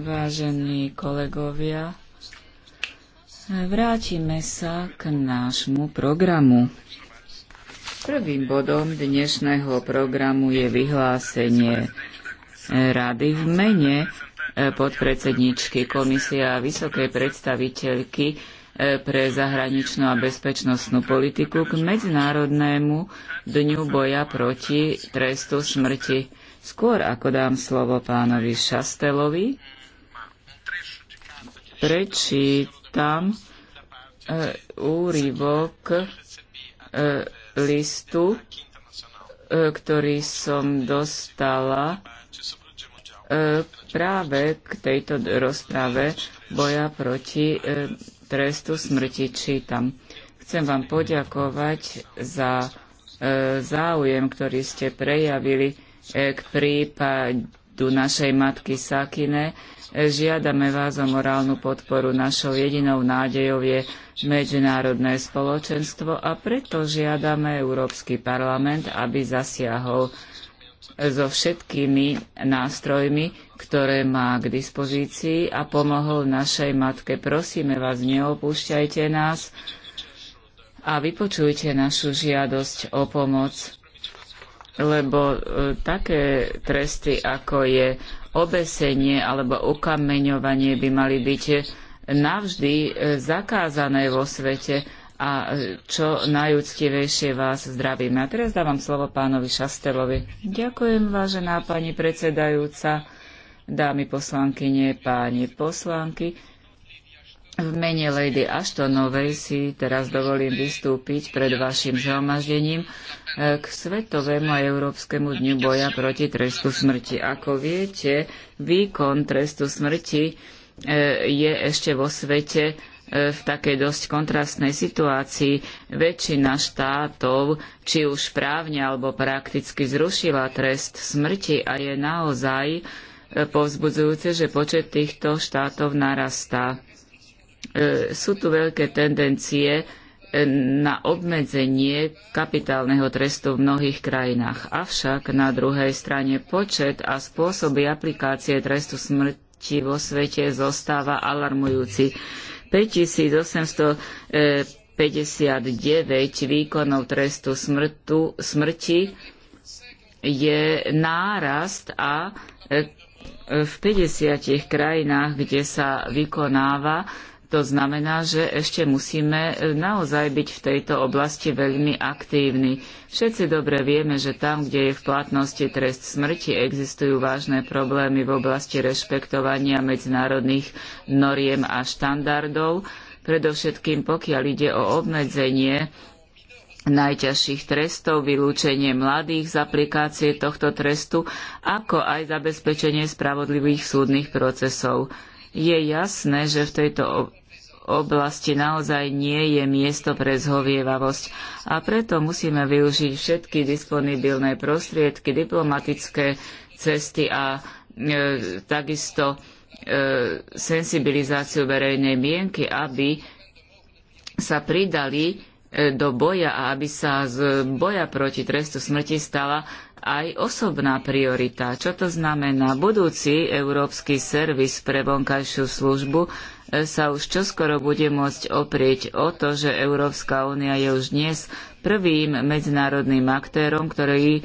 Vážení kolegovia, vrátime sa k nášmu programu. Prvým bodom dnešného programu je vyhlásenie Rady v mene e, podpredsedničky Komisie a vysokej predstaviteľky e, pre zahraničnú a bezpečnostnú politiku k Medzinárodnému dňu boja proti trestu smrti. Skôr ako dám slovo pánovi Šastelovi, prečítam uh, úryvok uh, listu, uh, ktorý som dostala uh, práve k tejto rozprave boja proti uh, trestu smrti. Čítam. Chcem vám poďakovať za uh, záujem, ktorý ste prejavili E, k prípadu našej matky Sakine. E, žiadame vás o morálnu podporu. Našou jedinou nádejou je medzinárodné spoločenstvo a preto žiadame Európsky parlament, aby zasiahol so všetkými nástrojmi, ktoré má k dispozícii a pomohol našej matke. Prosíme vás, neopúšťajte nás a vypočujte našu žiadosť o pomoc lebo e, také tresty, ako je obesenie alebo ukameňovanie, by mali byť navždy e, zakázané vo svete a e, čo najúctivejšie vás zdravíme. A teraz dávam slovo pánovi Šastelovi. Ďakujem, vážená pani predsedajúca, dámy poslankyne, páni poslanky. V mene Lady Ashtonovej si teraz dovolím vystúpiť pred vašim zhromaždením e, k Svetovému a Európskemu dňu boja proti trestu smrti. Ako viete, výkon trestu smrti e, je ešte vo svete e, v takej dosť kontrastnej situácii. Väčšina štátov, či už právne alebo prakticky zrušila trest smrti a je naozaj povzbudzujúce, že počet týchto štátov narastá E, sú tu veľké tendencie e, na obmedzenie kapitálneho trestu v mnohých krajinách. Avšak na druhej strane počet a spôsoby aplikácie trestu smrti vo svete zostáva alarmujúci. 5859 výkonov trestu smrtu, smrti je nárast a e, v 50 krajinách, kde sa vykonáva, to znamená, že ešte musíme e, naozaj byť v tejto oblasti veľmi aktívni. Všetci dobre vieme, že tam, kde je v platnosti trest smrti, existujú vážne problémy v oblasti rešpektovania medzinárodných noriem a štandardov, predovšetkým pokiaľ ide o obmedzenie najťažších trestov, vylúčenie mladých z aplikácie tohto trestu, ako aj zabezpečenie spravodlivých súdnych procesov. Je jasné, že v tejto oblasti naozaj nie je miesto pre zhovievavosť. A preto musíme využiť všetky disponibilné prostriedky, diplomatické cesty a e, takisto e, sensibilizáciu verejnej mienky, aby sa pridali e, do boja a aby sa z boja proti trestu smrti stala aj osobná priorita. Čo to znamená? Budúci európsky servis pre vonkajšiu službu e, sa už čoskoro bude môcť oprieť o to, že Európska únia je už dnes prvým medzinárodným aktérom, ktorý e,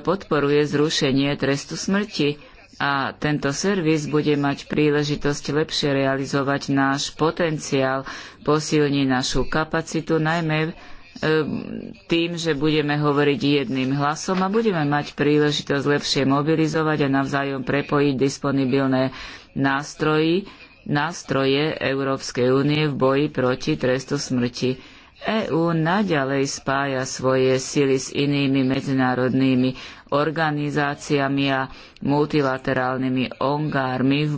podporuje zrušenie trestu smrti a tento servis bude mať príležitosť lepšie realizovať náš potenciál, posilní našu kapacitu, najmä Ehm, tým, že budeme hovoriť jedným hlasom a budeme mať príležitosť lepšie mobilizovať a navzájom prepojiť disponibilné nástroji, nástroje Európskej únie v boji proti trestu smrti. EÚ naďalej spája svoje sily s inými medzinárodnými organizáciami a multilaterálnymi ongármi v,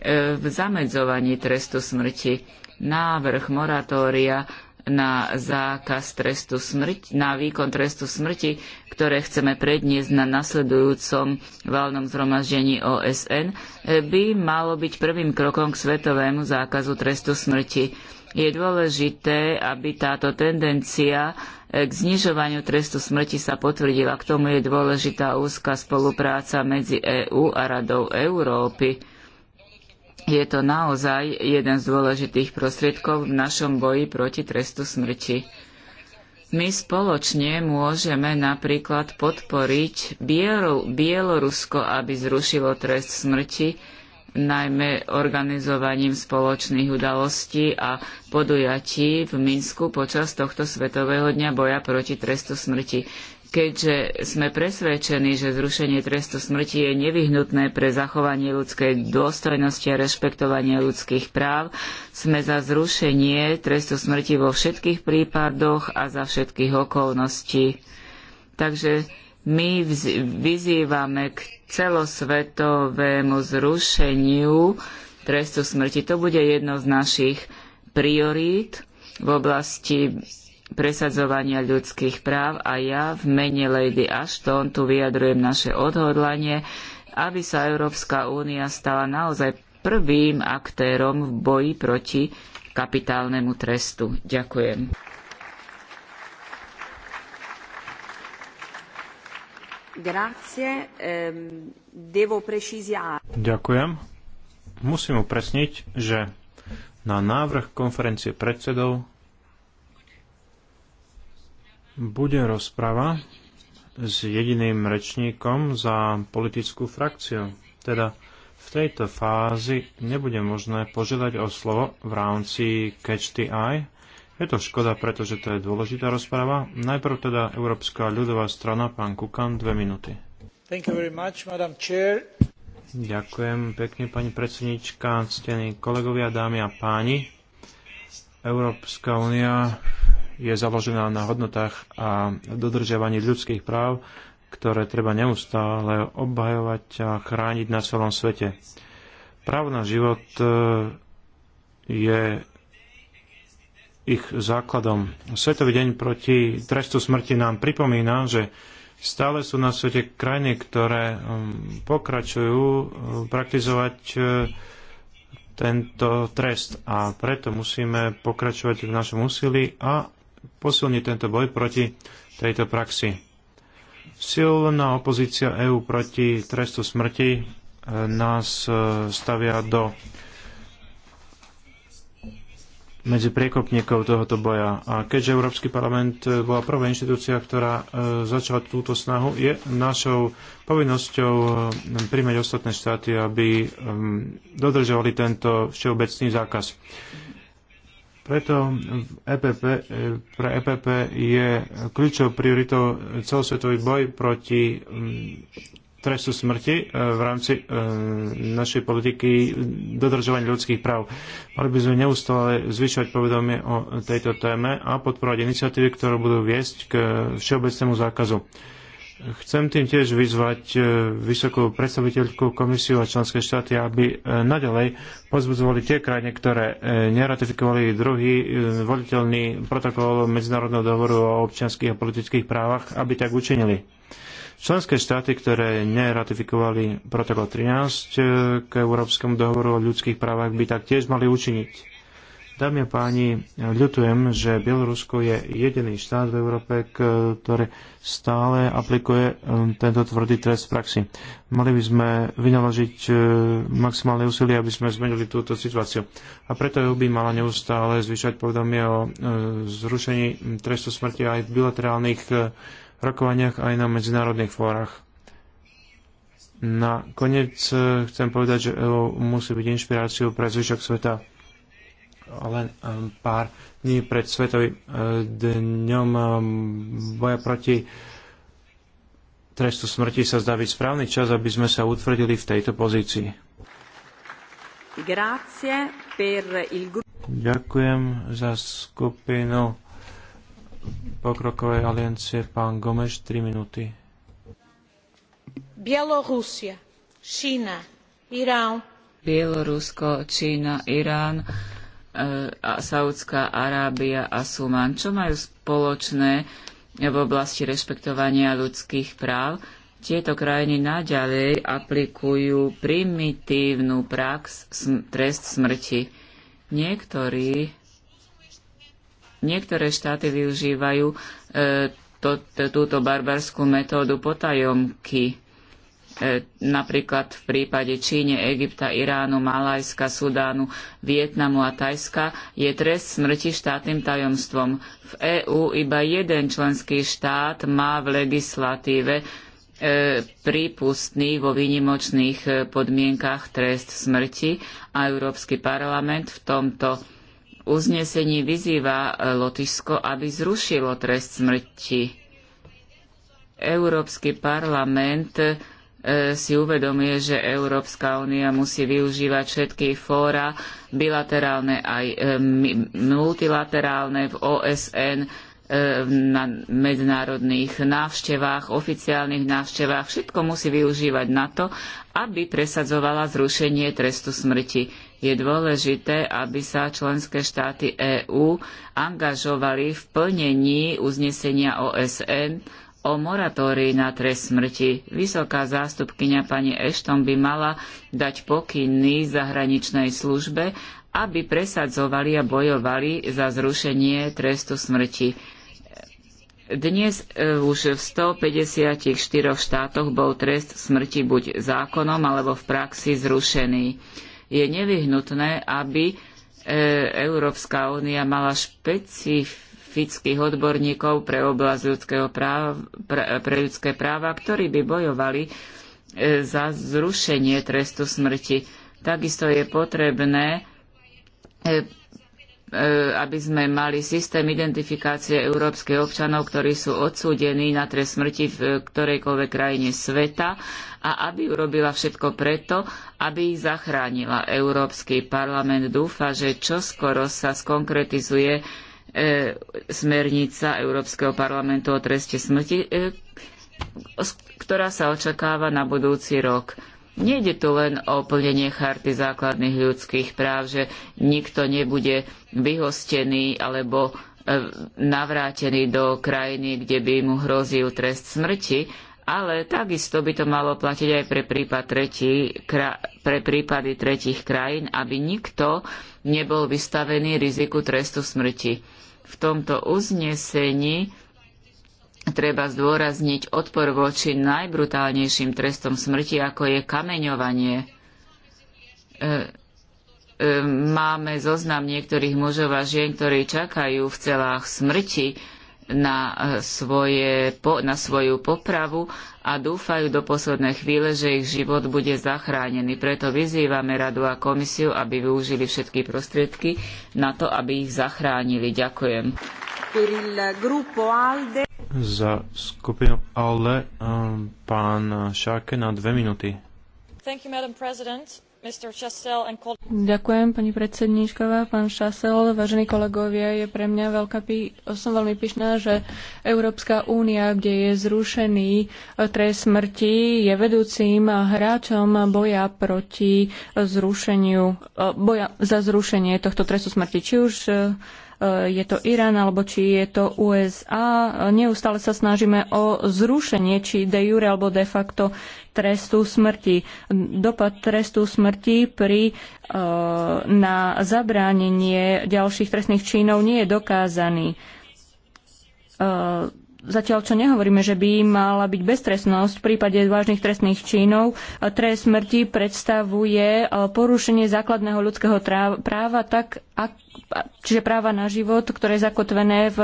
e, v zamedzovaní trestu smrti. Návrh moratória na zákaz trestu smrti, na výkon trestu smrti, ktoré chceme predniesť na nasledujúcom valnom zhromaždení OSN, by malo byť prvým krokom k svetovému zákazu trestu smrti. Je dôležité, aby táto tendencia k znižovaniu trestu smrti sa potvrdila. K tomu je dôležitá úzka spolupráca medzi EÚ a Radou Európy je to naozaj jeden z dôležitých prostriedkov v našom boji proti trestu smrti. My spoločne môžeme napríklad podporiť Bielorusko, aby zrušilo trest smrti, najmä organizovaním spoločných udalostí a podujatí v Minsku počas tohto Svetového dňa boja proti trestu smrti. Keďže sme presvedčení, že zrušenie trestu smrti je nevyhnutné pre zachovanie ľudskej dôstojnosti a rešpektovanie ľudských práv, sme za zrušenie trestu smrti vo všetkých prípadoch a za všetkých okolností. Takže my vyzývame k celosvetovému zrušeniu trestu smrti. To bude jedno z našich priorít v oblasti presadzovania ľudských práv a ja v mene Lady Ashton tu vyjadrujem naše odhodlanie, aby sa Európska únia stala naozaj prvým aktérom v boji proti kapitálnemu trestu. Ďakujem. Ehm, Ďakujem. Musím upresniť, že na návrh konferencie predsedov bude rozprava s jediným rečníkom za politickú frakciu. Teda v tejto fázi nebude možné požiadať o slovo v rámci Catch the Eye. Je to škoda, pretože to je dôležitá rozprava. Najprv teda Európska ľudová strana, pán Kukan, dve minúty. Thank you very much, Madam Chair. Ďakujem pekne, pani predsednička, ctení kolegovia, dámy a páni. Európska únia je založená na hodnotách a dodržiavaní ľudských práv, ktoré treba neustále obhajovať a chrániť na celom svete. Právo na život e, je ich základom. Svetový deň proti trestu smrti nám pripomína, že stále sú na svete krajiny, ktoré e, pokračujú e, praktizovať tento trest a preto musíme pokračovať v našom úsilí a posilniť tento boj proti tejto praxi. Silná opozícia EÚ proti trestu smrti e, nás e, stavia do medzi priekopníkov tohoto boja. A keďže Európsky parlament e, bola prvá inštitúcia, ktorá začala túto snahu, je našou povinnosťou príjmať ostatné štáty, aby dodržovali tento všeobecný zákaz. Preto EPP, e, pre EPP je kľúčovou prioritou celosvetový boj proti mm, trestu smrti e, v rámci e, našej politiky dodržovania ľudských práv. Mali by sme neustále zvyšovať povedomie o tejto téme a podporovať iniciatívy, ktoré budú viesť k všeobecnému zákazu. Chcem tým tiež vyzvať e, vysokú predstaviteľku komisiu a členské štáty, aby e, naďalej pozbudzovali tie krajiny, ktoré e, neratifikovali druhý voliteľný protokol Medzinárodného dohovoru o občianských a politických právach, aby tak učinili. Členské štáty, ktoré neratifikovali protokol 13 k Európskemu dohovoru o ľudských právach, by tak tiež mali učiniť. Dámy a páni, ľutujem, že Bielorusko je jediný štát v Európe, ktorý stále aplikuje um, tento tvrdý trest v praxi. Mali by sme vynaložiť uh, maximálne úsilie, aby sme zmenili túto situáciu. A preto EU by mala neustále zvyšať povedomie o uh, zrušení trestu smrti aj v bilaterálnych uh, rokovaniach, aj na medzinárodných fórach. koniec chcem povedať, že EU musí byť inšpiráciou pre zvyšok sveta len um, pár dní pred Svetovým uh, dňom um, boja proti trestu smrti sa zdá byť správny čas, aby sme sa utvrdili v tejto pozícii. Ďakujem za skupinu pokrokovej aliancie pán Gomeš, 3 minúty. Bielorusia, Čína, Irán. Bielorusko, Čína, Irán Saudská Arábia a Suman, čo majú spoločné v oblasti rešpektovania ľudských práv. Tieto krajiny naďalej aplikujú primitívnu prax trest smrti. Niektorí, niektoré štáty využívajú e, to, túto barbarskú metódu potajomky. E, napríklad v prípade Číne, Egypta, Iránu, Malajska, Sudánu, Vietnamu a Tajska, je trest smrti štátnym tajomstvom. V EÚ iba jeden členský štát má v legislatíve e, prípustný vo výnimočných e, podmienkach trest smrti a Európsky parlament v tomto uznesení vyzýva Lotyšsko, aby zrušilo trest smrti. Európsky parlament E, si uvedomuje, že Európska únia musí využívať všetky fóra, bilaterálne aj e, multilaterálne v OSN, e, na medzinárodných návštevách, oficiálnych návštevách. Všetko musí využívať na to, aby presadzovala zrušenie trestu smrti. Je dôležité, aby sa členské štáty EÚ angažovali v plnení uznesenia OSN o moratórii na trest smrti. Vysoká zástupkyňa pani Ashton by mala dať pokyny zahraničnej službe, aby presadzovali a bojovali za zrušenie trestu smrti. Dnes e, už v 154 štátoch bol trest smrti buď zákonom alebo v praxi zrušený. Je nevyhnutné, aby e, Európska únia mala špecifické špecifických odborníkov pre oblasť ľudského práva, pre, pre ľudské práva, ktorí by bojovali e, za zrušenie trestu smrti. Takisto je potrebné, e, e, aby sme mali systém identifikácie európskych občanov, ktorí sú odsúdení na trest smrti v ktorejkoľvek krajine sveta a aby urobila všetko preto, aby ich zachránila. Európsky parlament dúfa, že čoskoro sa skonkretizuje E, smernica Európskeho parlamentu o treste smrti, e, ktorá sa očakáva na budúci rok. Nejde tu len o plnenie charty základných ľudských práv, že nikto nebude vyhostený alebo e, navrátený do krajiny, kde by mu hrozil trest smrti, ale takisto by to malo platiť aj pre, prípad tretí, kra, pre prípady tretich krajín, aby nikto nebol vystavený riziku trestu smrti. V tomto uznesení treba zdôrazniť odpor voči najbrutálnejším trestom smrti, ako je kameňovanie. E, e, máme zoznam niektorých mužov a žien, ktorí čakajú v celách smrti na, eh, svoje, na svoju popravu a dúfajú do poslednej chvíle, že ich život bude zachránený. Preto vyzývame Radu a komisiu, aby využili všetky prostriedky na to, aby ich zachránili. Ďakujem. Za skupinu ALDE eh, pán Šáke na dve minúty. Thank you, Madam President. Ďakujem, pani predsedníčková, pán Šasel, vážení kolegovia, je pre mňa veľká pí... som veľmi pyšná, že Európska únia, kde je zrušený eh, trest smrti, je vedúcim hráčom boja proti zrušeniu, eh, boja za zrušenie tohto trestu smrti. Či už eh, je to Irán alebo či je to USA. Neustále sa snažíme o zrušenie či de jure alebo de facto trestu smrti. Dopad trestu smrti pri, e, na zabránenie ďalších trestných činov nie je dokázaný e, Zatiaľ, čo nehovoríme, že by mala byť beztrestnosť v prípade vážnych trestných činov, trest smrti predstavuje e, porušenie základného ľudského práva, tak, čiže práva na život, ktoré je zakotvené v,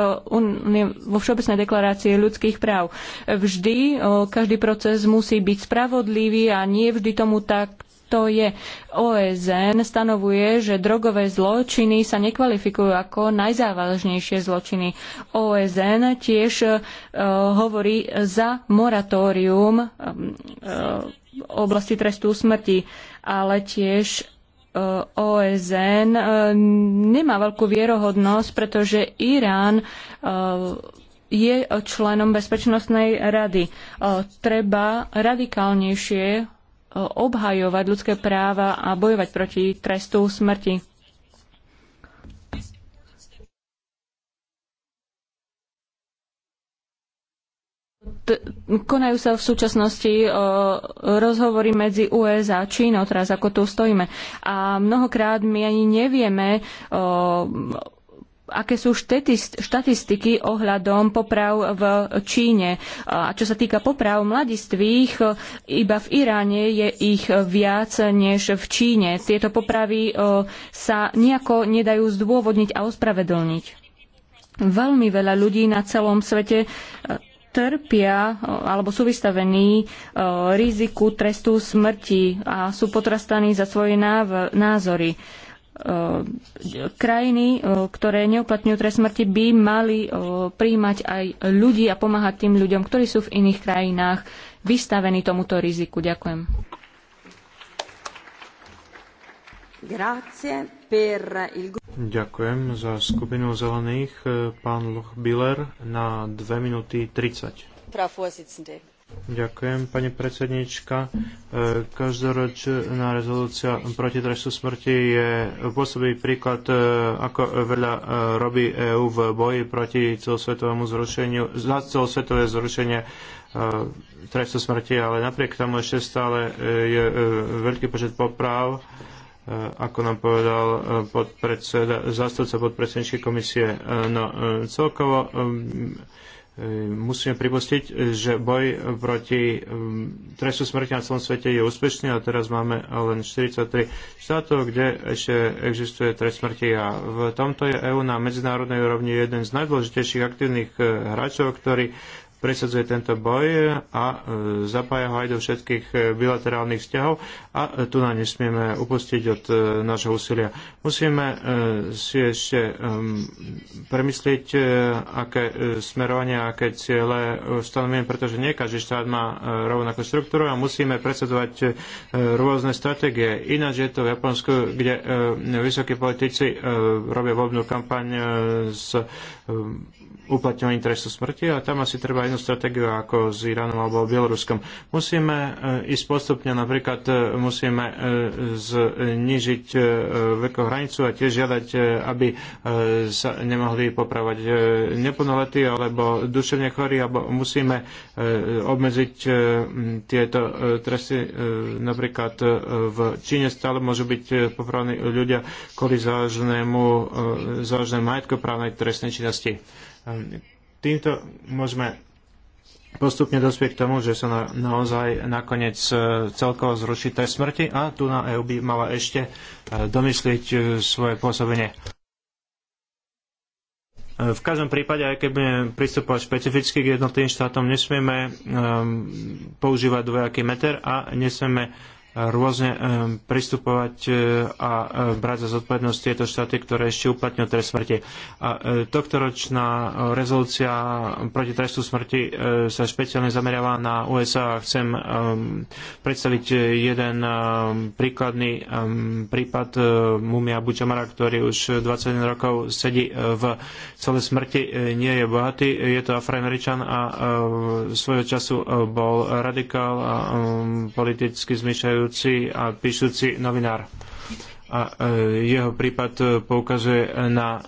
vo Všeobecnej deklarácii ľudských práv. Vždy e, každý proces musí byť spravodlivý a nie vždy tomu tak to je OSN, stanovuje, že drogové zločiny sa nekvalifikujú ako najzávažnejšie zločiny. OSN tiež uh, hovorí za moratórium uh, oblasti trestu smrti, ale tiež OSN nemá veľkú vierohodnosť, pretože Irán je členom Bezpečnostnej rady. Treba radikálnejšie obhajovať ľudské práva a bojovať proti trestu smrti. konajú sa v súčasnosti rozhovory medzi USA a Čínou, teraz ako tu stojíme. A mnohokrát my ani nevieme aké sú štatistiky ohľadom poprav v Číne. A čo sa týka poprav mladistvých, iba v Iráne je ich viac než v Číne. Tieto popravy e, sa nejako nedajú zdôvodniť a ospravedlniť. Veľmi veľa ľudí na celom svete e, trpia e, alebo sú vystavení riziku trestu smrti a sú potrastaní za svoje názory E, krajiny, e, ktoré neuplatňujú trest smrti, by mali e, príjmať aj ľudí a pomáhať tým ľuďom, ktorí sú v iných krajinách vystavení tomuto riziku. Ďakujem. Ďakujem za skupinu zelených. Pán Loch Biller na 2 minúty 30. Ďakujem, pani predsednička. E, každoročná rezolúcia proti trestu smrti je pôsobý príklad, e, ako veľa e, robí EÚ v boji proti celosvetovému zrušeniu, za celosvetové zrušenie trestu smrti, ale napriek tomu ešte stále je veľký počet poprav ako nám povedal podpredseda, zástupca podpredsedničkej komisie. No, celkovo musíme pripustiť, že boj proti um, trestu smrti na celom svete je úspešný a teraz máme len 43 štátov, kde ešte existuje trest smrti a v tomto je EÚ na medzinárodnej úrovni jeden z najdôležitejších aktívnych eh, hráčov, ktorý presadzuje tento boj a e, zapája ho aj do všetkých e, bilaterálnych vzťahov a e, tu na nesmieme upustiť od nášho úsilia. Musíme si ešte premyslieť, aké smerovania, aké ciele stanovíme, pretože nie každý štát má rovnakú štruktúru a musíme presadzovať rôzne stratégie. Ináč je to v Japonsku, kde vysokí politici robia vobnú kampaň s uplatňovaním trestu smrti a tam asi treba tajnú stratégiu ako s Iránom alebo Bieloruskom. Musíme e, ísť postupne, napríklad e, musíme e, znižiť vekovú hranicu a tiež žiadať, aby sa nemohli popravať neplnoletí alebo duševne chorí, alebo musíme obmedziť tieto tresty. Napríklad v Číne stále môžu byť popravení ľudia kvôli zážnému, zážnému majetkoprávnej trestnej činnosti. Týmto môžeme postupne dospieť k tomu, že sa na, naozaj nakoniec e, celkovo zruší trest smrti a tu na EU by mala ešte e, domyslieť e, svoje pôsobenie. V každom prípade, aj keď budeme pristupovať špecificky k jednotlivým štátom, nesmieme um, používať dvojaký meter a nesmieme uh, rôzne pristupovať e, a e, brať za zodpovednosť tieto štáty, ktoré ešte uplatňujú trest smrti. A e, tohtoročná rezolúcia proti trestu smrti sa špeciálne zameriava na USA a chcem predstaviť jeden príkladný prípad Mumia Bučamara, ktorý už 21 rokov sedí v celé smrti, nie je bohatý, je to afroameričan a svojho času bol radikál a politicky zmyšľajú vedúci a píšuci novinár a e, jeho prípad e, poukazuje na e,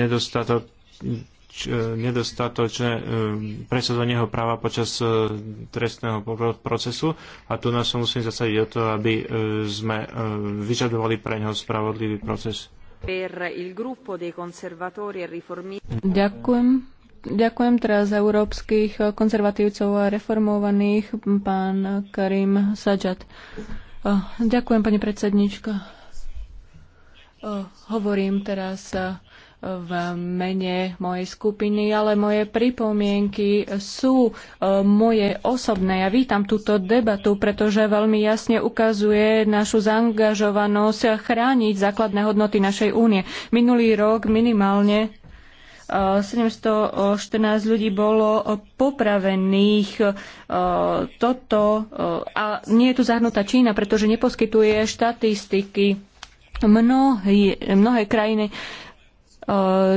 nedostatok nedostatočné presadzovanie jeho práva počas trestného procesu a tu nás musím zasadiť o to, aby sme vyžadovali pre neho spravodlivý proces. Ďakujem. Ďakujem teraz európskych konzervatívcov a reformovaných, pán Karim Sajad. Eh, ďakujem, pani predsednička. Eh, hovorím teraz eh, v mene mojej skupiny, ale moje pripomienky sú moje osobné. Ja vítam túto debatu, pretože veľmi jasne ukazuje našu zaangažovanosť chrániť základné hodnoty našej únie. Minulý rok minimálne 714 ľudí bolo popravených. E, toto, e, a nie je tu zahrnutá Čína, pretože neposkytuje štatistiky. Mnohé, mnohé krajiny E,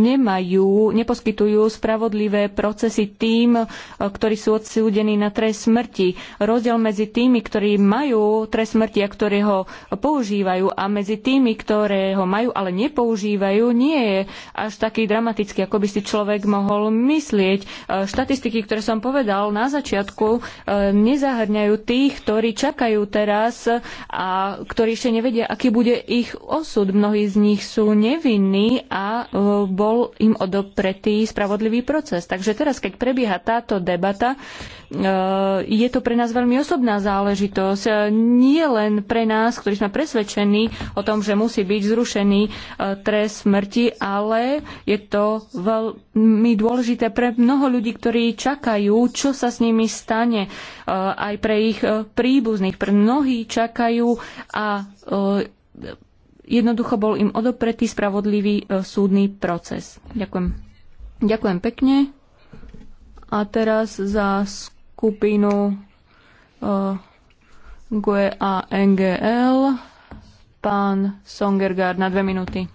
nemajú, neposkytujú spravodlivé procesy tým, e, ktorí sú odsúdení na trest smrti. Rozdiel medzi tými, ktorí majú trest smrti a ktorí ho používajú a medzi tými, ktoré ho majú, ale nepoužívajú, nie je až taký dramatický, ako by si človek mohol myslieť. E, štatistiky, ktoré som povedal na začiatku, nezahrňajú tých, ktorí čakajú teraz a ktorí ešte nevedia, aký bude ich osud. Mnohí z nich sú nevinní a e, bol im odopretý spravodlivý proces. Takže teraz, keď prebieha táto debata, e, je to pre nás veľmi osobná záležitosť. E, nie len pre nás, ktorí sme presvedčení o tom, že musí byť zrušený trest smrti, ale je to veľmi dôležité pre mnoho ľudí, ktorí čakajú, čo sa s nimi stane, aj pre ich príbuzných. Pre mnohí čakajú a Jednoducho bol im odopretý spravodlivý e, súdny proces. Ďakujem. Ďakujem pekne. A teraz za skupinu uh, e, GUE a NGL pán Songergaard na dve minúty.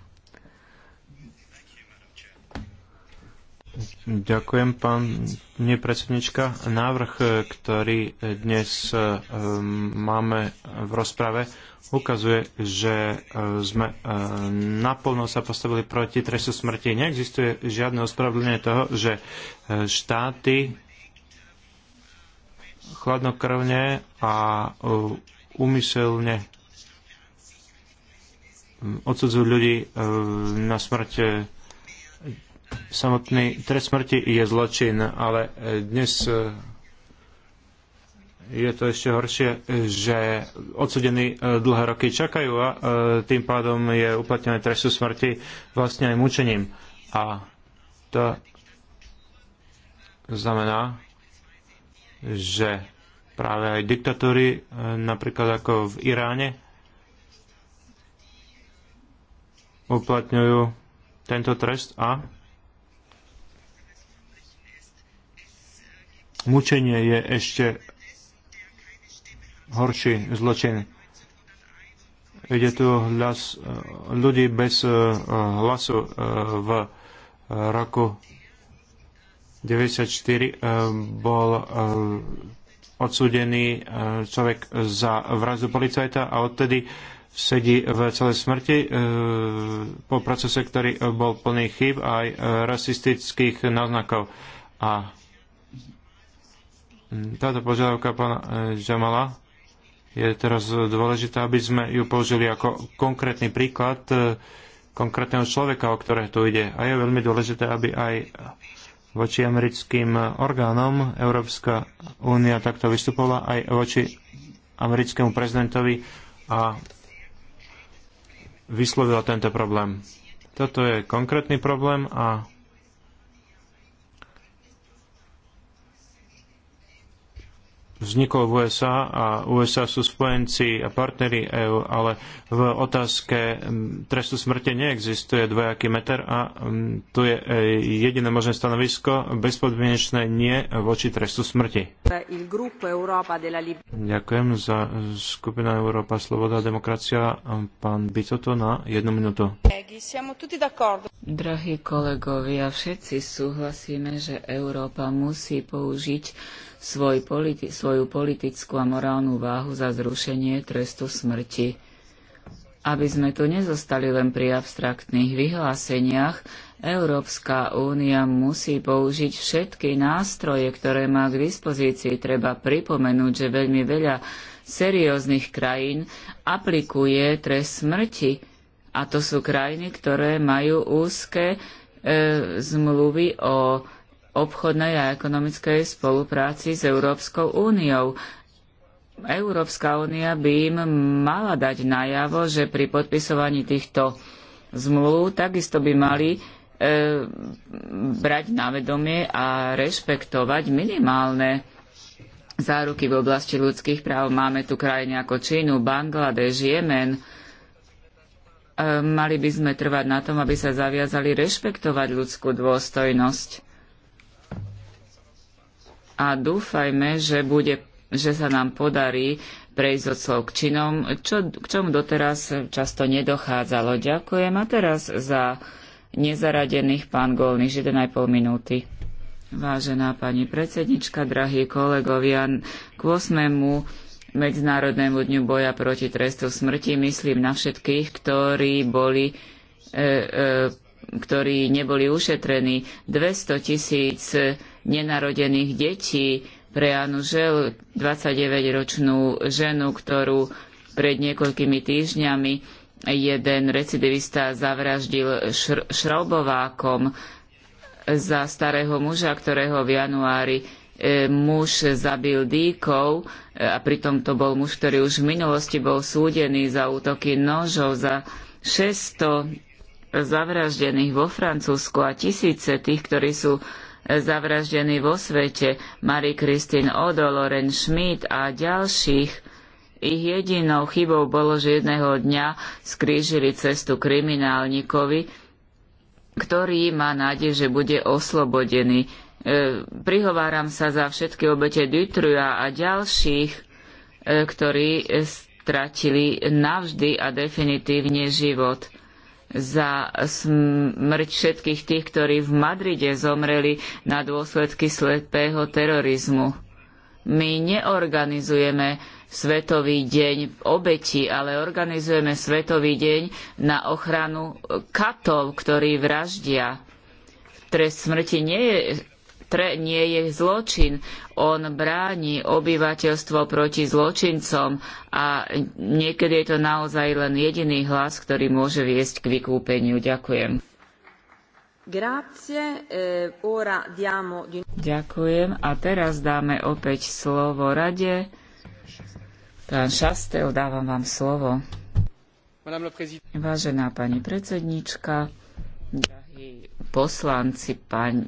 Ďakujem, pani predsednička. Návrh, ktorý dnes ehm, máme v rozprave, ukazuje, že ehm, sme ehm, naplno sa postavili proti trestu smrti. Neexistuje žiadne ospravedlnenie toho, že štáty chladnokrvne a úmyselne odsudzujú ľudí na smrť samotný trest smrti je zločin, ale e, dnes e, je to ešte horšie, že odsudení e, dlhé roky čakajú a tým pádom je uplatnené trestu smrti vlastne aj mučením. A to znamená, že práve aj diktatúry, napríklad ako v Iráne, uplatňujú tento trest a mučenie je ešte horší zločin. Je tu hlas e, ľudí bez e, hlasu e, v roku 94 bol odsudený človek za vraždu policajta a odtedy sedí v celej smrti po procese, ktorý bol plný chyb a aj rasistických náznakov. A táto požiadavka pána Žamala e, je teraz dôležitá, aby sme ju použili ako konkrétny príklad e, konkrétneho človeka, o ktorého tu ide. A je veľmi dôležité, aby aj voči americkým orgánom Európska únia takto vystupovala, aj voči americkému prezidentovi a vyslovila tento problém. Toto je konkrétny problém a vznikol v USA a USA sú spojenci a partneri EÚ, ale v otázke trestu smrti neexistuje dvojaký meter a tu je e, jediné možné stanovisko bezpodmienečné nie voči trestu smrti. Ďakujem za skupina Európa Sloboda a Demokracia. Pán Bitoto na jednu minútu. Drahí kolegovia, všetci súhlasíme, že Európa musí použiť svoj politi- svoju politickú a morálnu váhu za zrušenie trestu smrti. Aby sme tu nezostali len pri abstraktných vyhláseniach, Európska únia musí použiť všetky nástroje, ktoré má k dispozícii. Treba pripomenúť, že veľmi veľa serióznych krajín aplikuje trest smrti. A to sú krajiny, ktoré majú úzke e, zmluvy o obchodnej a ekonomickej spolupráci s Európskou úniou. Európska únia by im mala dať najavo, že pri podpisovaní týchto zmluv takisto by mali e, brať na vedomie a rešpektovať minimálne záruky v oblasti ľudských práv. Máme tu krajiny ako Čínu, Bangladeš, Jemen. E, mali by sme trvať na tom, aby sa zaviazali rešpektovať ľudskú dôstojnosť a dúfajme, že, bude, že sa nám podarí prejsť od slov k činom, čo, k čomu doteraz často nedochádzalo. Ďakujem a teraz za nezaradených pán aj 1,5 minúty. Vážená pani predsednička, drahí kolegovia, k 8. Medzinárodnému dňu boja proti trestu smrti myslím na všetkých, ktorí boli e, e, ktorí neboli ušetrení. 200 tisíc 000 nenarodených detí, pre Anu Žel, 29-ročnú ženu, ktorú pred niekoľkými týždňami jeden recidivista zavraždil šr- šrobovákom za starého muža, ktorého v januári e, muž zabil dýkov e, a pritom to bol muž, ktorý už v minulosti bol súdený za útoky nožov, za 600 zavraždených vo Francúzsku a tisíce tých, ktorí sú zavraždení vo svete, Marie Christine Odo, Loren Schmidt a ďalších. Ich jedinou chybou bolo, že jedného dňa skrížili cestu kriminálnikovi, ktorý má nádej, že bude oslobodený. E, prihováram sa za všetky obete Dutruja a ďalších, e, ktorí stratili navždy a definitívne život za smrť všetkých tých, ktorí v Madride zomreli na dôsledky slepého terorizmu. My neorganizujeme Svetový deň v obeti, ale organizujeme Svetový deň na ochranu katov, ktorí vraždia. Trest smrti nie je pre nie je zločin. On bráni obyvateľstvo proti zločincom a niekedy je to naozaj len jediný hlas, ktorý môže viesť k vykúpeniu. Ďakujem. Eh, Ďakujem a teraz dáme opäť slovo rade. Pán Šastel, dávam vám slovo. Vážená pani predsednička, poslanci, pani,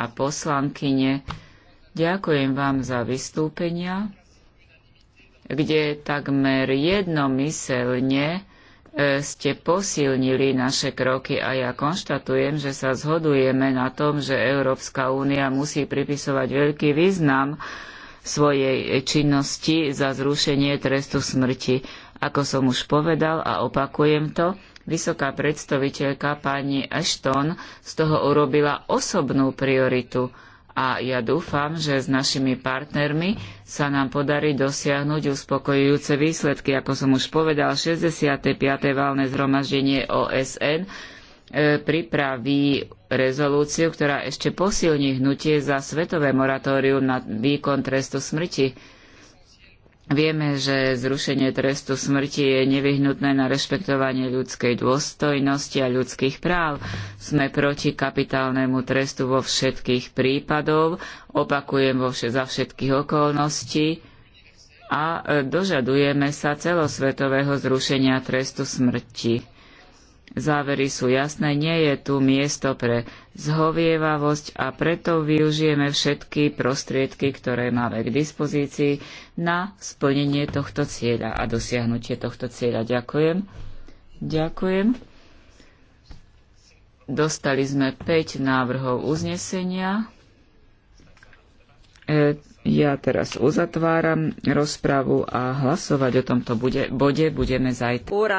a poslankyne. Ďakujem vám za vystúpenia, kde takmer jednomyselne e, ste posilnili naše kroky a ja konštatujem, že sa zhodujeme na tom, že Európska únia musí pripisovať veľký význam svojej činnosti za zrušenie trestu smrti. Ako som už povedal a opakujem to, vysoká predstaviteľka pani Ashton z toho urobila osobnú prioritu a ja dúfam, že s našimi partnermi sa nám podarí dosiahnuť uspokojujúce výsledky. Ako som už povedal, 65. valné zhromaždenie OSN e, pripraví rezolúciu, ktorá ešte posilní hnutie za svetové moratórium na výkon trestu smrti Vieme, že zrušenie trestu smrti je nevyhnutné na rešpektovanie ľudskej dôstojnosti a ľudských práv. Sme proti kapitálnemu trestu vo všetkých prípadov, opakujem vo vš- za všetkých okolností a e, dožadujeme sa celosvetového zrušenia trestu smrti. Závery sú jasné, nie je tu miesto pre zhovievavosť a preto využijeme všetky prostriedky, ktoré máme k dispozícii na splnenie tohto cieľa a dosiahnutie tohto cieľa. Ďakujem. Ďakujem. Dostali sme 5 návrhov uznesenia. E, ja teraz uzatváram rozpravu a hlasovať o tomto bude, bode budeme zajtra.